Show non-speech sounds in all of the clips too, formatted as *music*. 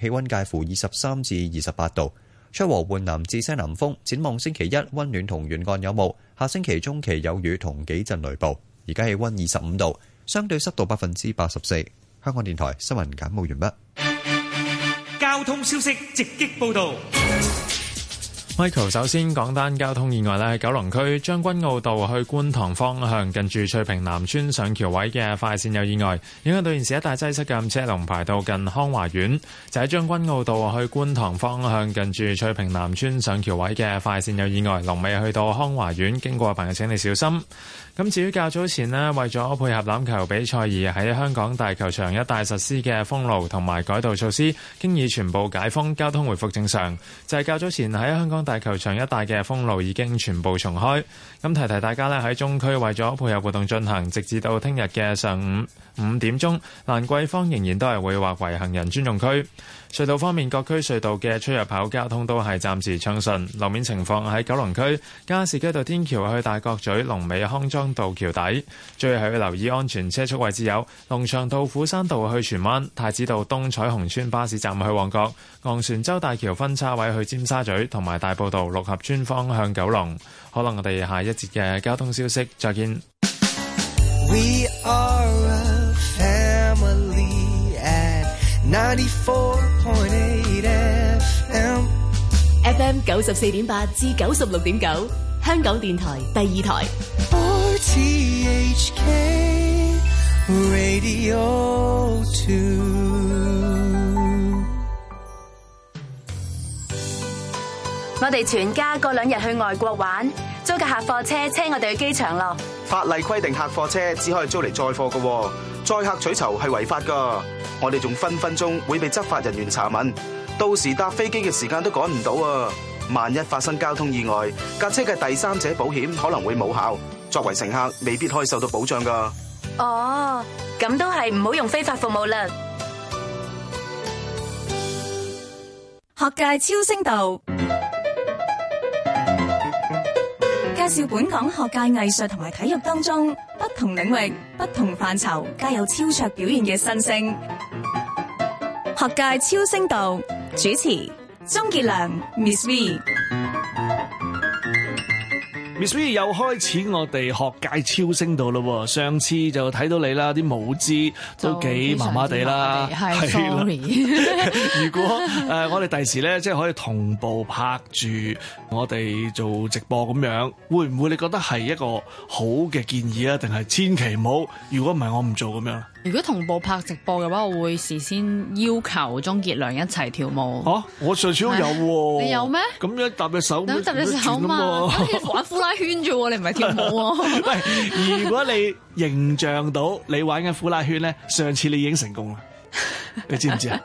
氣温介乎二十三至二十八度，吹和緩南至西南風。展望星期一温暖同沿岸有霧，下星期中期有雨同幾陣雷暴。而家氣温二十五度，相對濕度百分之八十四。香港電台新聞簡報完畢。交通消息直擊報道。Michael 首先講單交通意外咧，喺九龍區將軍澳道去觀塘方向，近住翠屏南村上橋位嘅快線有意外，影響到現時一大擠塞嘅車龍排到近康華苑，就喺將軍澳道去觀塘方向，近住翠屏南村上橋位嘅快線有意外，龍尾去到康華苑，經過嘅朋友請你小心。咁至於較早前咧，為咗配合欖球比賽而喺香港大球場一帶實施嘅封路同埋改道措施，經已全部解封，交通回復正常。就係較早前喺香港大球場一帶嘅封路已經全部重開。咁提提大家咧，喺中區為咗配合活動進行，直至到聽日嘅上午五點鐘，蘭桂坊仍然都係會劃為行人專用區，隧道方面，各區隧道嘅出入口交通都係暫時暢順。路面情況喺九龍區加士居道天橋去大角咀、龍尾康莊。康道橋底，最後要留意安全車速位置有：龍翔道、虎山道去荃灣、太子道東彩虹村巴士站去旺角、昂船洲大橋分叉位去尖沙咀同埋大埔道六合村方向九龍。可能我哋下一節嘅交通消息再見。We are a family at ninety four point eight FM. FM 九十四點八至九十六點九，9, 香港電台第二台。Oh. 我哋全家過兩日去外國玩，租架客貨車車我哋去機場咯。法例規定客貨車只可以租嚟載貨㗎，載客取酬係違法㗎。我哋仲分分鐘會被執法人員查問，到時搭飛機嘅時間都趕唔到啊！萬一發生交通意外，架車嘅第三者保險可能會冇效。作為乘客，未必可以受到保障噶。哦，咁都係唔好用非法服務啦。學界超聲道介紹本港學界、藝術同埋體育當中不同領域、不同範疇皆有超卓表現嘅新星。學界超聲道主持鍾傑良，Miss V。所以又開始我哋學界超聲度咯喎，上次就睇到你啦，啲舞姿都媽媽幾麻麻地啦。係了， *laughs* 如果誒我哋第時咧，即係可以同步拍住我哋做直播咁樣，會唔會你覺得係一個好嘅建議啊？定係千祈唔好？如果唔係，我唔做咁樣。如果同步拍直播嘅話，我會事先要求鍾傑良一齊跳舞。嚇、啊，我上次都有喎、啊。你有咩？咁樣搭隻手，咁搭隻手啊嘛。玩呼啦圈啫，你唔係跳舞啊？喂， *laughs* *laughs* *laughs* 如果你形象到你玩緊呼啦圈咧， *laughs* 上次你已經成功啦。 *laughs* 你知唔知啊？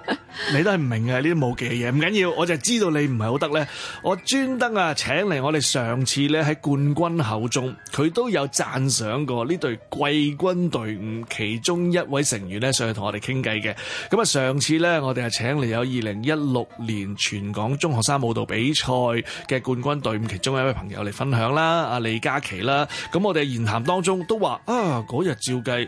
你都係唔明啊，呢啲舞技嘅嘢，唔緊要，我就知道你唔係好得咧。我專登啊，請嚟我哋上次咧喺冠軍口中，佢都有讚賞過呢隊季軍隊伍其中一位成員咧，上去同我哋傾偈嘅。咁啊，上次咧，我哋係請嚟有二零一六年全港中學生舞蹈比賽嘅冠軍隊伍其中一位朋友嚟分享啦，阿李嘉琪啦。咁我哋言談當中都話啊，嗰日照計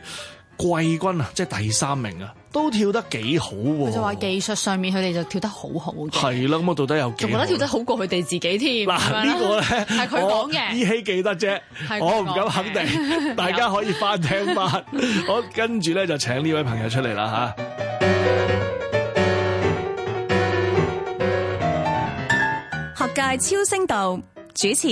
季軍啊，即係第三名啊。都跳得幾好喎！就話技術上面，佢哋就跳得好好嘅。係啦，咁我到底有幾好？仲覺得跳得好過佢哋自己添？嗱喇呢個咧，係佢講嘅。依稀記得啫，我唔敢肯定。 *laughs* 有大家可以翻聽翻。 *laughs* 我跟住咧就請呢位朋友出嚟啦吓， *music* 學界超聲道主持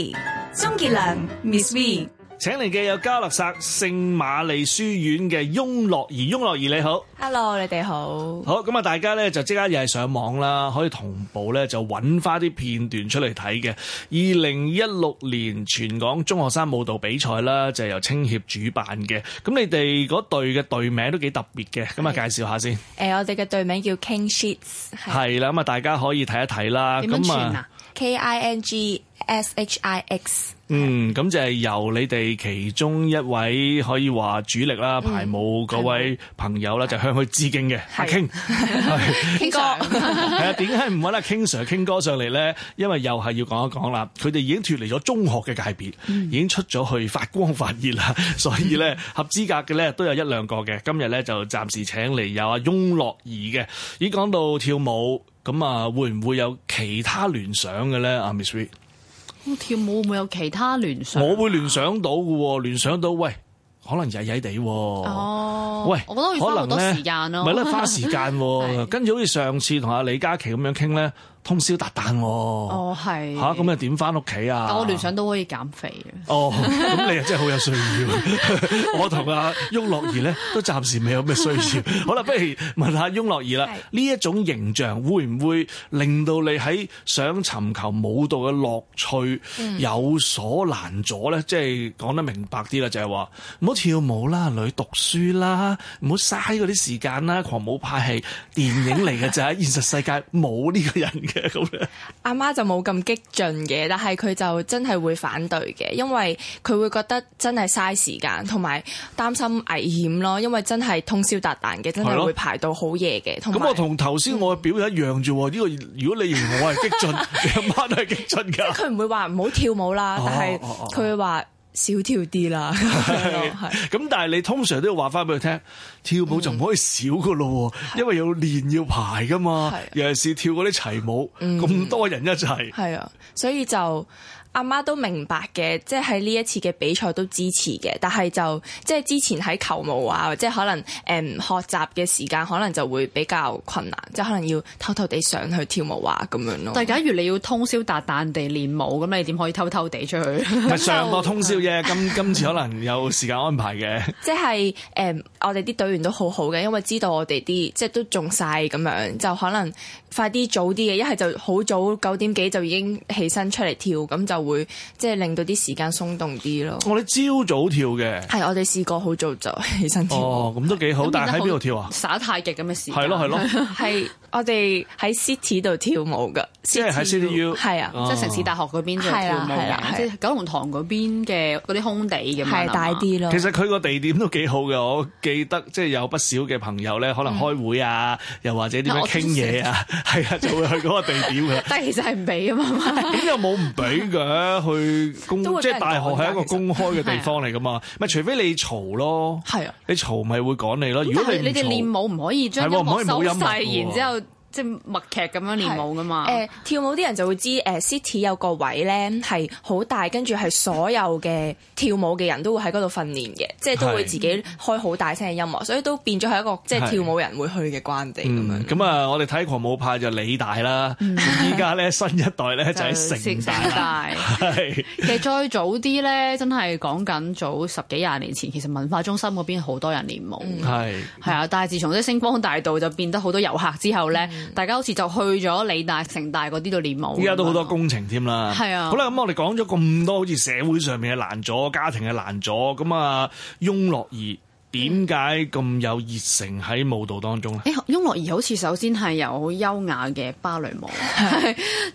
鍾傑良 Miss V。 *music* 請嚟嘅有嘉諾撒聖瑪利書院嘅翁樂兒，翁樂兒你好，Hello，你哋好，好咁啊！大家咧就即刻又係上網啦，可以同步咧就揾翻啲片段出嚟睇嘅。二零一六年全港中學生舞蹈比賽啦，就係、是、由青協主辦嘅。咁你哋嗰隊嘅隊名都幾特別嘅，咁啊的介紹下先。誒，我哋嘅隊名叫 King Shits，係啦，咁啊大家可以睇一睇啦。點樣串啊？K I N G S H I X。嗯，咁就係由你哋其中一位可以話主力啦，排舞嗰位朋友啦，嗯、就向佢致敬嘅是阿傾，傾哥，係啊，點解唔搵阿傾 Sir 傾 *laughs* 哥上嚟咧？因為又係要講一講啦，佢哋已經脫離咗中學嘅界別，已經出咗去發光發熱啦，所以咧合資格嘅咧都有一兩個嘅，今日咧就暫時請嚟有阿翁樂兒嘅。已經講到跳舞，咁啊會唔會有其他聯想嘅咧？阿 Miss。跳舞會唔會有其他聯想？我會聯想到嘅喎，聯想到喂，可能曳曳哋喎。哦，喂，我覺得會花好多時間咯。咪咧 *laughs* 花時間，跟住 *laughs* 好似上次同阿李嘉琪咁樣傾咧。通宵達旦喎，吓，咁又點翻屋企啊？哦、啊啊但我聯想到可以減肥啊！哦，咁你啊真係好有需要。 *laughs* *laughs* 我同阿翁樂兒咧都暫時未有咩需要。 *laughs* 好啦，不如問,問下翁樂兒啦。呢一是種形象會唔會令到你喺想尋求舞蹈嘅樂趣有所難阻咧？嗯、即係講得明白啲啦，就係話唔好跳舞啦，女讀書啦，唔好嘥嗰啲時間啦。狂舞派係電影嚟嘅就啫，現實 *laughs* *laughs* 世界冇呢個人嘅。阿媽，媽就冇咁激進嘅，但係佢就真係會反對嘅，因為佢會覺得真係嘥時間，同埋擔心危險咯。因為真係通宵達旦嘅，真係會排到好夜嘅。咁的有我同頭先我嘅表姐一樣啫。呢個、嗯、如果你認我係激進，阿 *laughs* 媽都係激進㗎。佢唔會話唔好跳舞啦，啊、但係佢會話。啊啊少跳啲啦，咁但係你通常都要話翻俾佢聽，嗯、跳舞就唔可以少噶咯，嗯、因為有練要排噶嘛，係尤其是跳嗰啲齊舞，咁、嗯、多人一齊，係啊，所以就。阿媽，媽都明白嘅，即係喺呢一次嘅比賽都支持嘅，但係就即係之前喺球舞啊，即係可能誒、嗯、學習嘅時間可能就會比較困難，即係可能要偷偷地上去跳舞啊咁樣咯。但係假如你要通宵達旦地練舞，咁你點可以偷偷地出去？上個通宵嘅， *laughs* 今今次可能有時間安排嘅。即係誒、嗯，我哋啲隊員都好好嘅，因為知道我哋啲即係都仲細咁樣，就可能快啲早啲嘅，一係就好早九點幾就已經起身出嚟跳，咁就。會即係令到啲時間鬆動啲咯。我哋朝早跳嘅係我哋試過好早就起身跳。哦，咁都幾好，但係喺邊度跳啊？耍太極咁嘅事。係咯係咯，係我哋喺 City 度跳舞㗎，即係喺 City U 係啊，即係城市大學嗰邊跳啊，即係九龍塘嗰邊嘅嗰啲空地咁樣係大啲咯。其實佢個地點都幾好嘅，我記得即係有不少嘅朋友咧，可能開會啊，又或者點樣傾嘢啊，係啊，就會去嗰個地點嘅。但係其實係唔俾啊嘛嘛，點又冇唔俾㗎？誒去公即係大學係一個公開嘅地方嚟噶嘛？咪、啊、除非你嘈咯，係啊，你嘈咪會趕你咯。但是 如果你你哋練舞，唔可以將音樂收細，唔可以冇音樂，然之後。即係默劇咁樣練舞噶嘛？誒，跳舞啲人就會知誒，City 有個位咧係好大，跟住係所有嘅跳舞嘅人都會喺嗰度訓練嘅，即係都會自己開好大聲嘅音樂，所以都變咗係一個即係跳舞人會去嘅關地咁樣。咁啊，我哋睇狂舞派就理大啦，依家咧新一代咧就係城大。其實再早啲咧，真係講緊早十幾廿年前，其實文化中心嗰邊好多人練舞嘅，係係啊，但係自從啲星光大道就變得好多遊客之後咧。大家好似就去咗理大、城大嗰啲度練舞。依家都好多工程添啦。係是啊，好。好啦，咁我哋講咗咁多，好似社會上面嘅難咗，家庭嘅難咗，咁啊，翁樂兒，點解咁有熱誠喺舞蹈當中咧？誒、欸，翁樂兒好似首先係由好優雅嘅芭蕾舞，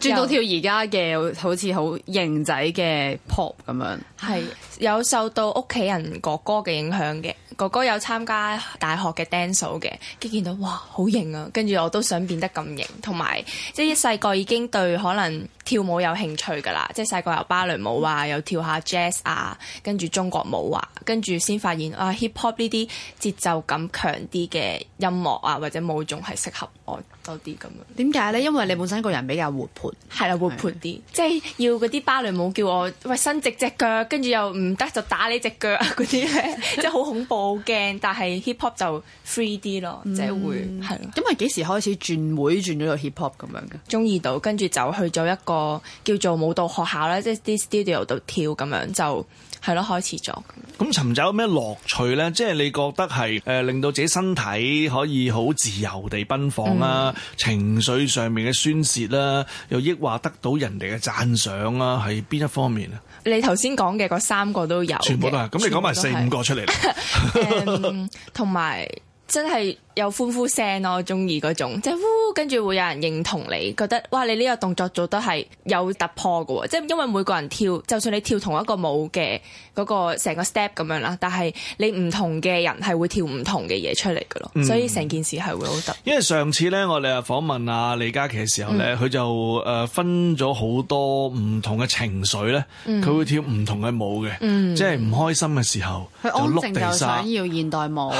轉是、啊、 *laughs* 到跳而家嘅好似好型仔嘅 pop 咁樣。係有受到屋企人哥哥嘅影響嘅，哥哥有參加大學嘅 dance 嘅，跟住見到哇好型啊，跟住我都想變得咁型，同埋即係細個已經對可能跳舞有興趣㗎啦，即係細個又芭蕾舞啊，又跳下 jazz 啊，跟住中國舞啊，跟住先發現啊 hip hop 呢啲節奏感強啲嘅音樂啊，或者舞種係適合我。多啲咁樣，點解咧？因為你本身個人比較活潑，係 *noise* 啦，活潑啲， *noise* 即係要嗰啲芭蕾舞叫我喂伸直隻腳，跟住又唔得就打你隻腳啊！嗰啲咧， *laughs* 即係好恐怖，好驚。但係 hip hop 就 free 啲咯，嗯、即係會係咯。咁係幾時開始轉會轉咗落 hip hop 咁樣嘅？鍾意到，跟住就去咗一個叫做舞蹈學校啦，即係啲 studio 度跳咁樣就。係咯，開始咗。咁尋找咩樂趣咧？即係你覺得係誒、呃，令到自己身體可以好自由地奔放啦、啊，嗯、情緒上面嘅宣洩啦、啊，又抑或得到人哋嘅讚賞啊？係邊一方面啊？你頭先講嘅嗰三個都有，全部都係。咁你講埋四五個出嚟。同埋、 *laughs* 嗯、真係。有歡呼聲咯，中意嗰種，即係，跟住會有人認同你，覺得，哇，你呢個動作做得係有突破嘅，即係因為每個人跳，就算你跳同一個舞嘅嗰個成個 step 咁樣啦，但係你唔同嘅人係會跳唔同嘅嘢出嚟嘅咯，所以成件事係會好突。因為上次咧，我哋啊訪問阿李嘉琪嘅時候咧，佢就誒分咗好多唔同嘅情緒咧，佢會跳唔同嘅舞嘅，即係唔開心嘅時候就碌地沙，想要現代舞，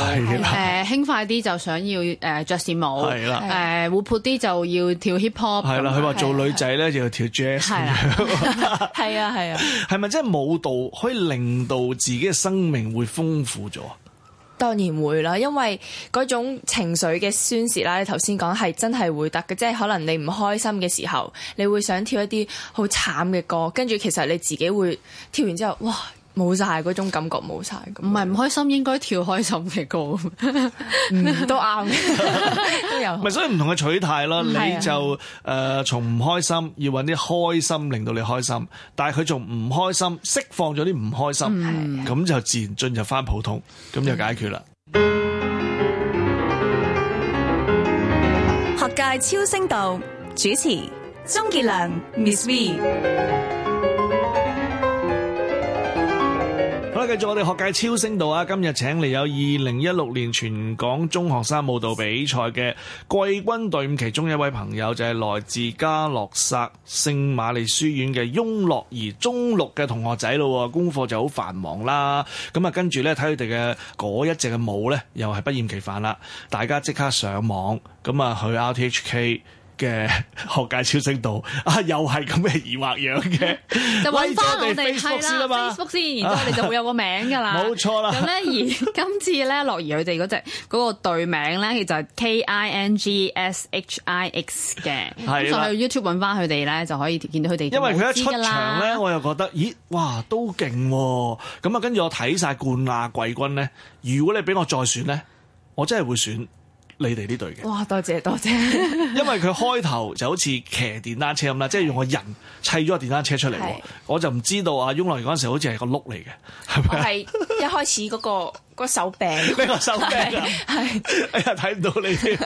輕快啲就。想要誒爵士舞，誒活潑啲就要跳 hip hop。係啦的，佢話樣做女仔咧就要跳 jazz 的。係啊， *laughs* 係啊。係咪即係舞蹈可以令到自己嘅生命會豐富咗？當然會啦，因為嗰種情緒嘅宣泄啦，你頭先講係真係會得嘅，即係可能你唔開心嘅時候，你會想跳一啲好慘嘅歌，跟住其實你自己會跳完之後，哇！哇冇晒嗰種感覺，冇晒，唔係唔開心，應該跳開心嘅歌，都啱，都有。咪所以唔同嘅取態咯，你就誒從唔開心要揾啲開心令到你開心，但係佢仲唔開心，釋放咗啲唔開心，咁就自然進入翻普通，咁就解決啦。學界超聲度主持鍾傑良 Miss V。繼續我哋學界超聲度啊！今日請嚟有二零一六年全港中學生舞蹈比賽嘅季軍隊伍，其中一位朋友就係、是、來自嘉諾撒聖瑪利書院嘅翁樂兒中六嘅同學仔啦。功課就好繁忙啦，咁啊跟住呢睇佢哋嘅嗰一隻嘅舞呢，又係不厭其煩啦。大家即刻上網咁啊去 RTHK。嘅學界超聲度，啊，又係咁嘅疑惑樣嘅，就揾翻我哋係 *laughs* face 啦，Facebook 先，然之後你就會有個名噶啦，冇、啊、錯啦。咁咧而今次咧，樂兒佢哋嗰隻嗰個隊名咧，其實係 Kingshix 嘅，就去 YouTube 揾翻佢哋咧，就可以見到佢哋。因為佢一出場咧，我又覺得，咦，哇，都勁喎！咁啊，跟住我睇晒冠亞季軍咧，如果你俾我再選咧，我真係會選。你哋呢隊嘅哇，多謝多謝，因為佢開頭就好似騎電單車咁啦，即係用個人砌咗個電單車出嚟，我就唔知道啊。翁樂兒嗰陣時好似係個碌嚟嘅，係咪？係一開始嗰個嗰手柄，呢個手柄係，哎呀睇唔到你啲。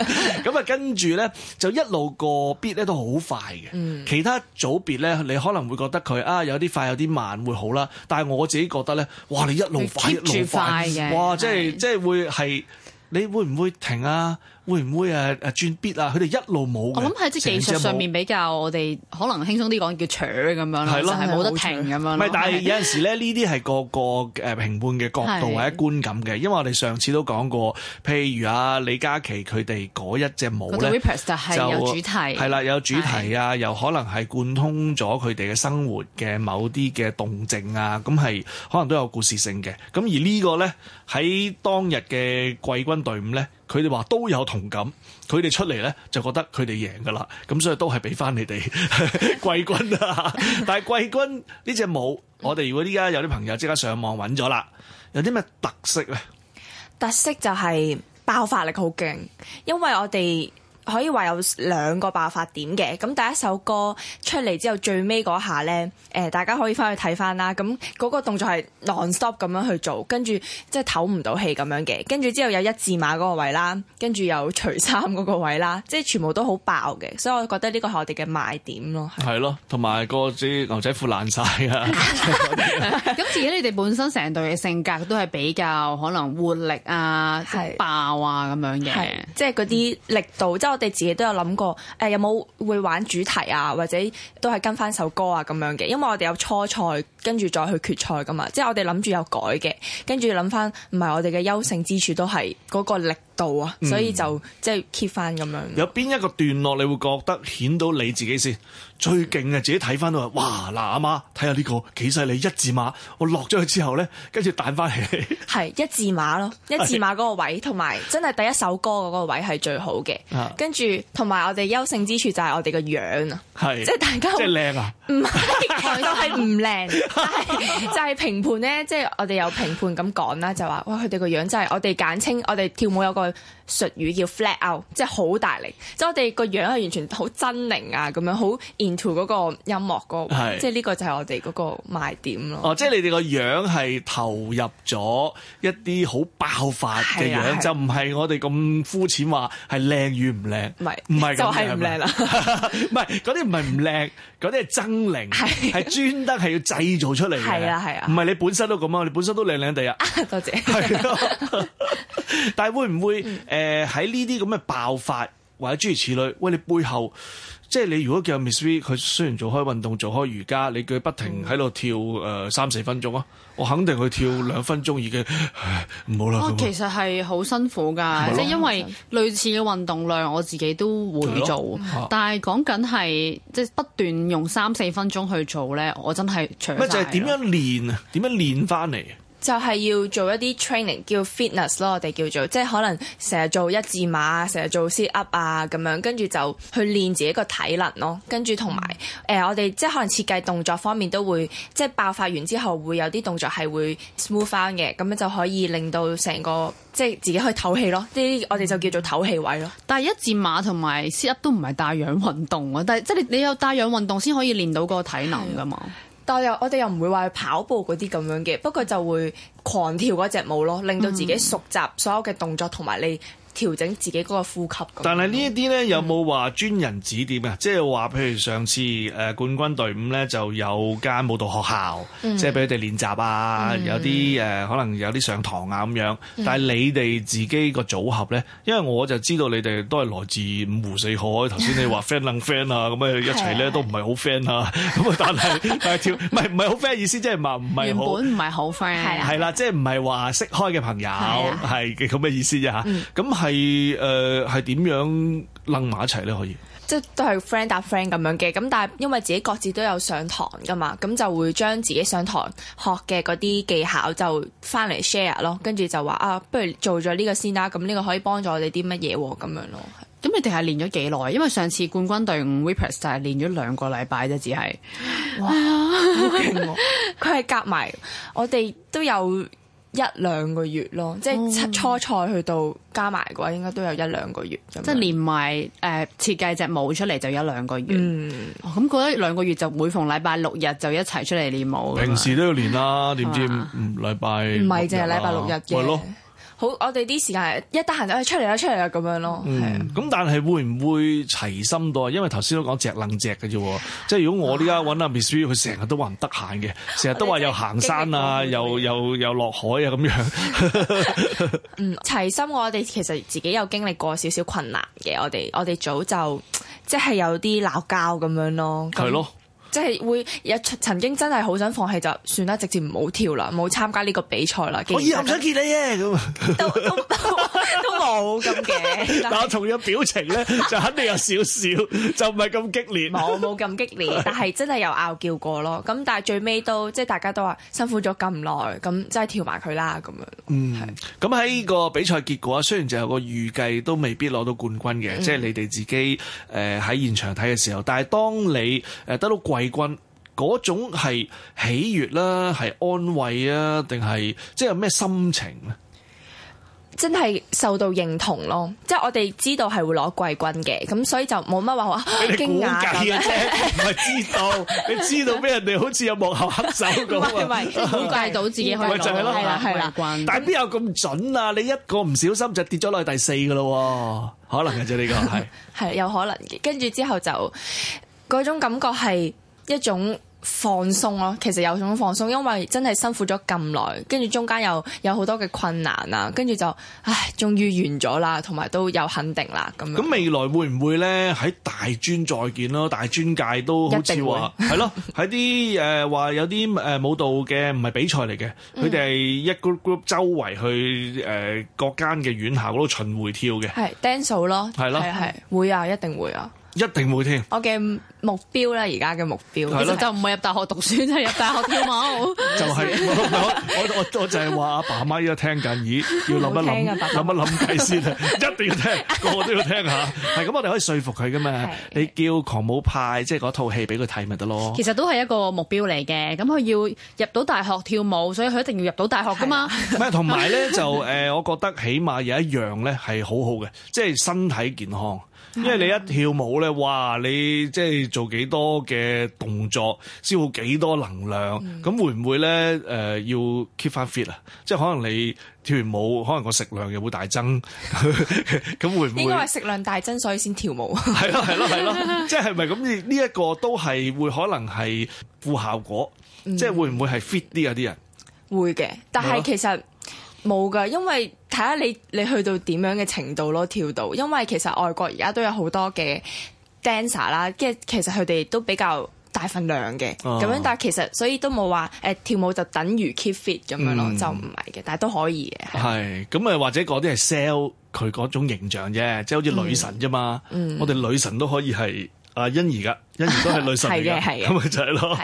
咁啊，跟住咧就一路個 beat 咧都好快嘅。其他組別咧，你可能會覺得佢啊有啲快有啲慢會好啦。但係我自己覺得咧，哇你一路快一路快嘅，哇即係即係會係。你會，唔會停啊？會唔會誒誒轉 beat 啊？佢哋一路冇，我諗係即係技術上面比較，我哋可能輕鬆啲講叫搶咁樣啦，係冇得停咁樣。唔係，但係有陣時咧，呢啲係個個誒評判嘅角度或者觀感嘅，因為我哋上次都講過，譬如阿李嘉琪佢哋嗰一隻舞咧，就係有主題，係啦，有主題啊，又可能係貫通咗佢哋嘅生活嘅某啲嘅動靜啊，咁係可能都有故事性嘅。咁而呢個咧喺當日嘅季軍隊伍咧。佢哋話都有同感，佢哋出嚟咧就覺得佢哋贏噶啦，咁所以都係俾翻你哋 *laughs* 貴軍啦。但係季軍呢隻舞，我哋如果依家有啲朋友即刻上網揾咗啦，有啲咩特色咧？特色就係爆發力好勁，因為我哋，可以話有兩個爆發點嘅，咁第一首歌出嚟之後最尾嗰下咧，誒大家可以翻去睇翻啦。咁個動作係 non stop 咁樣去做，跟住即係唞唔到氣咁樣嘅，跟住之後有一字馬個位啦，跟住有除衫個位啦，即係全部都好爆嘅，所以我覺得呢個係我哋嘅賣點咯。係咯，同埋個啲牛仔褲爛晒啊！咁 *laughs* *laughs* 自己你哋本身成隊嘅性格都係比較可能活力啊、對爆啊咁樣嘅，即係啲力度、嗯、即係。我哋自己都有諗過，誒、欸，有冇會玩主題啊，或者都係跟翻首歌啊咁樣嘅，因為我哋有初賽，跟住再去決賽噶嘛，即係我哋諗住有改嘅，跟住諗翻，唔係我哋嘅優勝之處都係嗰個力。度啊，所以就即係 keep 翻咁樣，有邊一個段落你會覺得顯到你自己先最勁嘅？嗯、自己睇翻到話哇！嗱、啊，阿媽睇下呢個幾犀利，一字馬，我落咗去之後咧，跟住彈翻起。係一字馬咯，一字馬嗰個位同埋是真係第一首歌嗰個位係最好嘅。是跟住同埋我哋優勝之處就係我哋個樣是啊，係即係大家即係靚啊？唔係， *laughs* *laughs* 就係唔靚。就係、是、評判咧，即係我哋有評判咁講啦，就話哇，佢哋個樣就係我哋簡稱我哋跳舞有個。術語叫 flat out，即係好大力，即係我哋個樣係完全好猙獰啊，咁樣好 into 嗰個音樂嗰，是即係呢個就係我哋嗰個賣點咯。哦，即係你哋個樣係投入咗一啲好爆發嘅樣，啊啊、就唔係我哋咁膚淺話係靚與唔靚，唔係是就係唔靚啦。唔係嗰啲唔係唔靚，嗰啲係猙獰，係專登係要製造出嚟嘅。係啊係啊，唔係、啊、你本身都咁啊，你本身都靚靚地啊。 *laughs* 多謝。 *laughs* *laughs* *laughs* *laughs* *laughs* *laughs* *laughs* 但係會唔會？誒，喺呢啲咁嘅爆發或者諸如此類，喂，你背後，即係你如果叫 Miss V，佢雖然做開運動，做開瑜伽，你叫佢不停喺度跳誒三四分鐘啊，我肯定佢跳兩分鐘已經唔好啦。啊、樣其實係好辛苦㗎，即係因為類似嘅運動量，我自己都會做，啊、但係講緊係即係不斷用三四分鐘去做咧，我真係除曬。乜、啊、就係、是、點樣練啊？點樣練翻嚟？就係要做一啲 training 叫 fitness 咯，我哋叫做即係可能成日做一字馬，成日做 sit up 啊咁樣，跟住就去練自己個體能咯。跟住同埋誒，我哋即係可能設計動作方面都會即係爆發完之後會有啲動作係會 smooth 翻嘅，咁樣就可以令到成個即係自己去透氣咯。啲我哋就叫做透氣位咯。但係一字馬同埋 sit up 都唔係帶氧運動啊，但係即係你你有帶氧運動先可以練到個體能噶嘛？但又我哋又唔會話去跑步嗰啲咁樣嘅，不過就會狂跳嗰隻舞咯，令到自己熟習所有嘅動作，同埋你，調整自己個呼吸。但係呢一啲咧，有冇話專人指點啊？即係話譬如上次誒冠軍隊伍咧，就有間舞蹈學校，即係俾佢哋練習啊，有啲誒可能有啲上堂啊咁樣，但係你哋自己個組合咧，因為我就知道你哋都係來自五湖四海。頭先你話 friend 撚 friend 啊，咁啊一齊咧都唔係好 friend 啊。咁啊，但係但係，唔係唔係好 friend 意思，即係話唔係好。原本唔係好 friend 係啦，即係唔係話識開嘅朋友係嘅咁嘅意思啫吓咁。係誒，係點、呃、樣楞埋一齊咧？可以，即係都係 friend 搭 friend 咁樣嘅。咁但係因為自己各自都有上堂噶嘛，咁就會將自己上堂學嘅嗰啲技巧就翻嚟 share 咯。跟住就話啊，不如做咗呢個先啦。咁呢個可以幫助我哋啲乜嘢咁樣咯。咁你哋係練咗幾耐？因為上次冠軍隊伍 Rappers 就係練咗兩個禮拜啫，只係。哇！佢係夾埋，我哋都有。一兩個月咯，即係初賽去到加埋嘅話，應該都有一兩個月。嗯、即係連埋誒設計隻舞出嚟就一兩個月。嗯，咁嗰一兩個月就每逢禮拜六日就一齊出嚟練舞。平時都要練啦，點 *laughs* 知唔禮拜？唔係淨係禮拜六日嘅。好，我哋啲時間一得閒就出嚟啦，出嚟啦咁樣咯。咁、嗯、但係會唔會齊心多啊？因為頭先都講隻能隻嘅啫，即、就、係、是、如果我呢家揾阿 Ms V，佢成日都話唔得閒嘅，成日都話又行山啊，又又又落海啊咁樣。嗯 *laughs* *laughs* 齊心，我哋其實自己有經歷過少少困難嘅，我哋我哋早就即係、就是、有啲鬧交咁樣咯。係咯。的那 *laughs* 即係會有曾經真係好想放棄，就算啦，直接唔好跳啦，唔好參加呢個比賽啦。我以後唔想見你耶，咁。都 *laughs* 都冇咁嘅。但係同樣表情咧，就肯定有少少， *laughs* 就唔係咁激烈。冇冇咁激烈， *laughs* 但係真係有拗叫過咯。咁 *laughs* 但係最尾都即係大家都話辛苦咗咁耐，咁即係跳埋佢啦咁樣，嗯，係是。咁喺呢個比賽結果，雖然就有個預計都未必攞到冠軍嘅，即係是、嗯、你哋自己誒喺現場睇嘅時候，但係當你誒得到冠軍嗰種係喜悅啦，係安慰啊，定係即係有咩心情咧？真係受到認同咯，即係我哋知道係會攞冠軍嘅，咁所以就冇乜話話驚訝嘅啫。唔係知道，你知道畀人哋好似有幕後黑手咁啊？好怪到自己可以攞冠軍，但係邊有咁準啊？你一個唔小心就跌咗落去第四個咯，可能嘅啫，呢個係係有可能嘅。跟住之後就嗰種感覺係。一種放鬆咯，其實有種放鬆，因為真係辛苦咗咁耐，跟住中間又有好多嘅困難啊，跟住就，唉，終於完咗啦，同埋都有肯定啦，咁樣。咁未來會唔會咧？喺大專再見咯，大專界都好似話，係咯定，喺啲誒話有啲誒舞蹈嘅唔係比賽嚟嘅，佢哋係一個 group 周圍去誒、呃、各間嘅院校嗰度巡迴跳嘅。係 dance 咯的，係咯，係會啊，一定會啊。 *laughs* 一定會聽。我嘅目標咧，而家嘅目標其實就唔會入大學讀書，就係入大學跳舞。就係，我我我我就係話阿爸阿媽依家聽緊，咦？要諗一諗，諗一諗計先啊！一定要聽，個個都要聽下。係咁，我哋可以説服佢㗎嘛？你叫狂舞派即係嗰套戲俾佢睇咪得咯？其實都係一個目標嚟嘅。咁佢要入到大學跳舞，所以佢一定要入到大學噶嘛。唔係，同埋咧就誒，我覺得起碼有一樣咧係好好嘅，即係身體健康。因為你一跳舞咧，哇！你即係做幾多嘅動作，消耗幾多能量，咁、嗯、會唔會咧？誒、呃，要 keep 翻 fit 啊！即係可能你跳完舞，可能個食量又會大增，咁 *laughs* 會唔不會？應該係食量大增，所以先跳舞。 *laughs* *laughs* 係咯，係咯，係咯！即係咪咁？呢一、這個都係會可能係負效果，嗯、即係會唔會係 fit 啲啊？啲人會嘅，但係其實。冇噶，因為睇下你你去到點樣嘅程度咯，跳到，因為其實外國而家都有好多嘅 dancer 啦，即係其實佢哋都比較大份量嘅，咁樣、哦、但係其實所以都冇話誒跳舞就等於 keep fit 咁樣咯，嗯、就唔係嘅，但係都可以嘅。係、嗯是，咁啊或者啲係 sell 佢種形象啫，即係好似女神啫嘛，嗯、我哋女神都可以係阿、嗯啊、欣怡噶。依然都係女神嚟嘅，咁咪就係咯。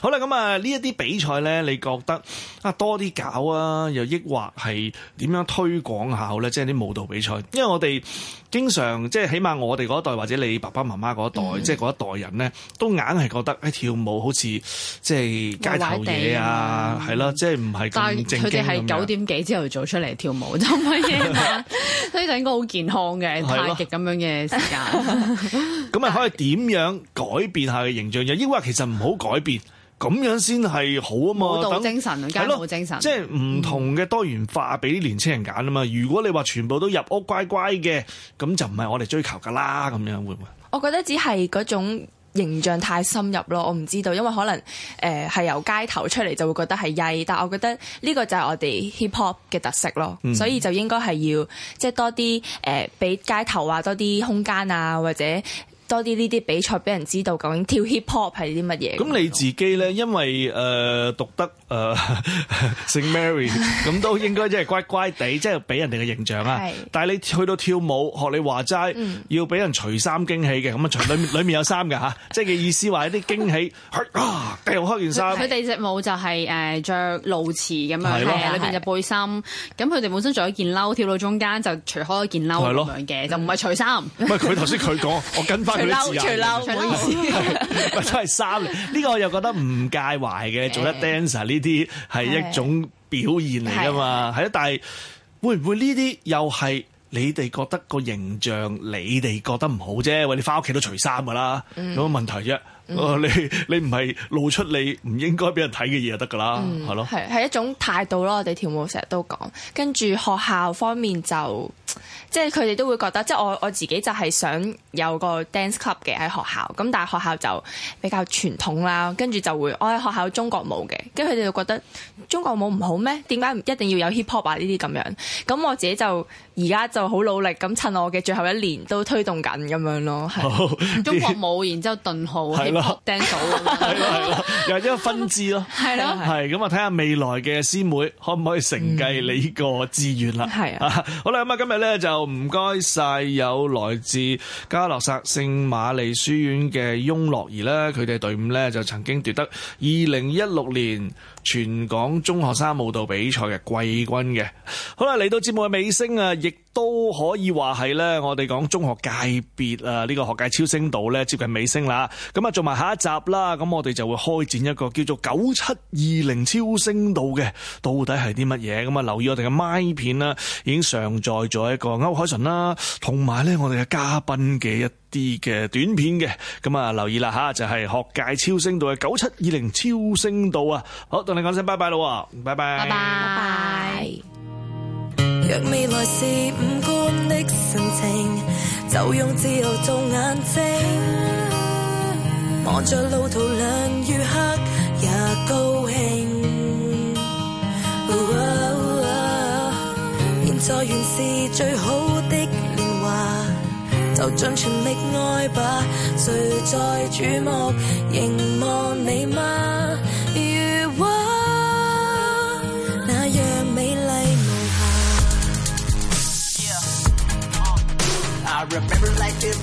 好啦，咁啊呢一啲比賽咧，你覺得啊多啲搞啊，又抑或係點樣推廣下咧？即係啲舞蹈比賽，因為我哋經常即係起碼我哋嗰一代或者你爸爸媽媽嗰一代，即係嗰一代人咧，都硬係覺得誒跳舞好似即係街頭嘢啊，係咯，即係唔係咁正。佢哋係九點幾之後早出嚟跳舞，都唔係嘢啦，所以就應該好健康嘅太極咁樣嘅時間。咁啊可以點樣？改變下嘅形象，又抑話其實唔好改變，咁樣先係好啊嘛。鼓精神，街舞等精神，即係唔同嘅多元化俾啲年青人揀啊嘛。嗯、如果你話全部都入屋乖乖嘅，咁就唔係我哋追求噶啦。咁樣會唔會？我覺得只係嗰種形象太深入咯。我唔知道，因為可能誒係、呃、由街頭出嚟就會覺得係曳，但係我覺得呢個就係我哋 hip hop 嘅特色咯。所以就應該係要即係多啲誒俾街頭啊多啲空間啊或者。多啲呢啲比賽俾人知道究竟跳 hip hop 係啲乜嘢。咁你自己咧，因為誒讀得誒聖 Mary，咁都應該即係乖乖地，即係俾人哋嘅形象啊。但係你去到跳舞學你話齋，要俾人除衫驚喜嘅，咁啊，裏面裏面有衫㗎吓。即係嘅意思話一啲驚喜啊，突然開完衫。佢哋隻舞就係誒着露臍咁樣，係啊，裏面就背心。咁佢哋本身着一件褸，跳到中間就除開一件褸咁樣嘅，就唔係除衫。唔係佢頭先佢講，我跟翻。除褸，除褸，唔好意思。或者係衫，呢、就是這個我又覺得唔介懷嘅。Okay. 做得 dancer 呢啲係一種表現嚟㗎嘛，係啊是是。但係會唔會呢啲又係你哋覺得個形象，你哋覺得唔好啫？喂，你翻屋企都除衫㗎啦，有乜問題啫。你你唔係露出你唔應該俾人睇嘅嘢就得㗎啦，係咯、嗯。係係一種態度咯。我哋跳舞成日都講，跟住學校方面就。即係佢哋都會覺得，即係我我自己就係想有個 dance club 嘅喺學校，咁但係學校就比較傳統啦，跟住就會我喺學校中國舞嘅，跟住佢哋就覺得中國舞唔好咩？點解一定要有 hip hop 啊呢啲咁樣？咁我自己就。而家就好努力咁，趁我嘅最後一年都推動緊咁樣咯，係。中國舞，然之後頓號係咯，掟到咯係咯，又一個分支咯，係咯，係咁啊！睇下未來嘅師妹可唔可以承繼你個志願啦，係啊、嗯！好啦咁啊，今日咧就唔該晒有來自嘉諾撒聖瑪利書院嘅翁樂兒咧，佢哋隊伍咧就曾經奪得二零一六年。全港中學生舞蹈比賽嘅季軍嘅，好啦，嚟到節目嘅尾聲啊，亦～都可以話係呢，我哋講中學界別啊，呢個學界超聲度呢，接近尾聲啦。咁啊，做埋下一集啦，咁我哋就會開展一個叫做九七二零超聲度嘅，到底係啲乜嘢？咁啊，留意我哋嘅麥片啦，已經上載咗一個歐海純啦，同埋呢我哋嘅嘉賓嘅一啲嘅短片嘅。咁啊，留意啦嚇，就係學界超聲度嘅九七二零超聲度啊。好，同你講聲拜拜咯，拜拜。拜拜。若未來是五官的神情，就用自由做眼睛，望着路途亮與黑也高興。現在原是最好的年華，就盡全力愛吧。誰在注目凝望你嗎？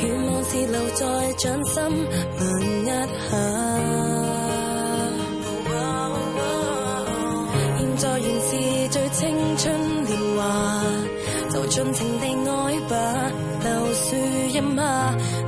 願望是留在掌心吻一下，現在仍是最青春年華，就盡情地愛吧，流樹一馬。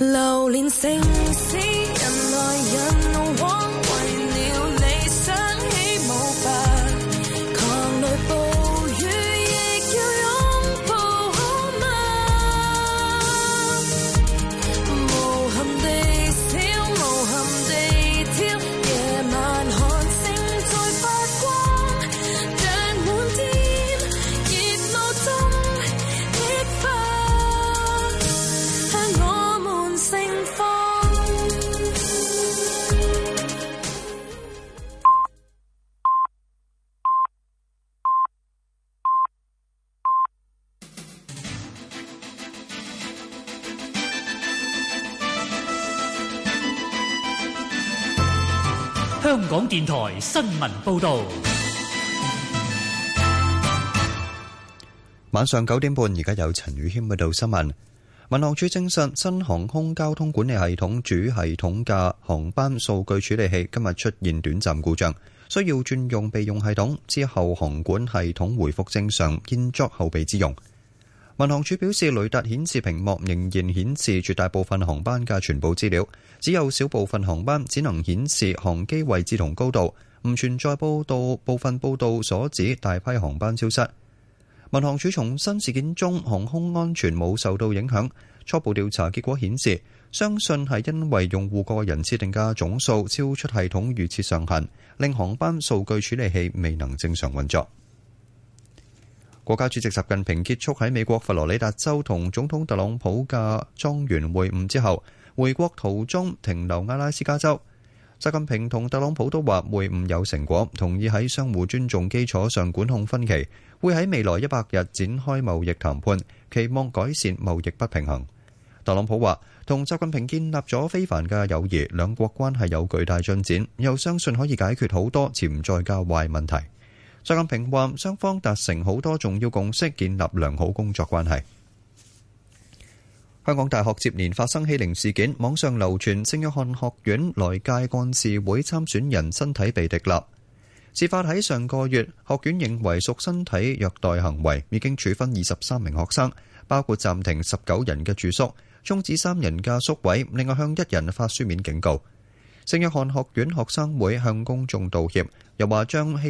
流連城市，人來人往。新聞報道。晚上九點半，而家有陳宇謙報道新聞。民航處證實，新航空交通管理系統主系統嘅航班數據處理器今日出現短暫故障，需要轉用備用系統。之後，航管系統回復正常，建作後備之用。民航處表示，雷達顯示屏幕仍然顯示絕大部分航班嘅全部資料，只有少部分航班只能顯示航機位置同高度。唔存在報道，部分報道所指大批航班消失。民航署從新事件中航空安全冇受到影響。初步調查結果顯示，相信係因為用戶個人設定嘅總數超出系統預設上限，令航班數據處理器未能正常運作。國家主席習近平結束喺美國佛羅里達州同總統特朗普嘅莊園會晤之後，回國途中停留阿拉斯加州。習近平同特朗普都話會晤有成果，同意喺相互尊重基礎上管控分歧，會喺未來一百日展開貿易談判，期望改善貿易不平衡。特朗普話同習近平建立咗非凡嘅友誼，兩國關係有巨大進展，又相信可以解決好多潛在嘅壞問題。習近平話雙方達成好多重要共識，建立良好工作關係。香港大學接連發生欺凌事件，網上流傳聖約翰學院來屆幹事會參選人身體被滴立。事發喺上個月，學院認為屬身體虐待行為，已經處分二十三名學生，包括暫停十九人嘅住宿、終止三人嘅宿位，另外向一人發書面警告。聖約翰學院學生會向公眾道歉，又話將欺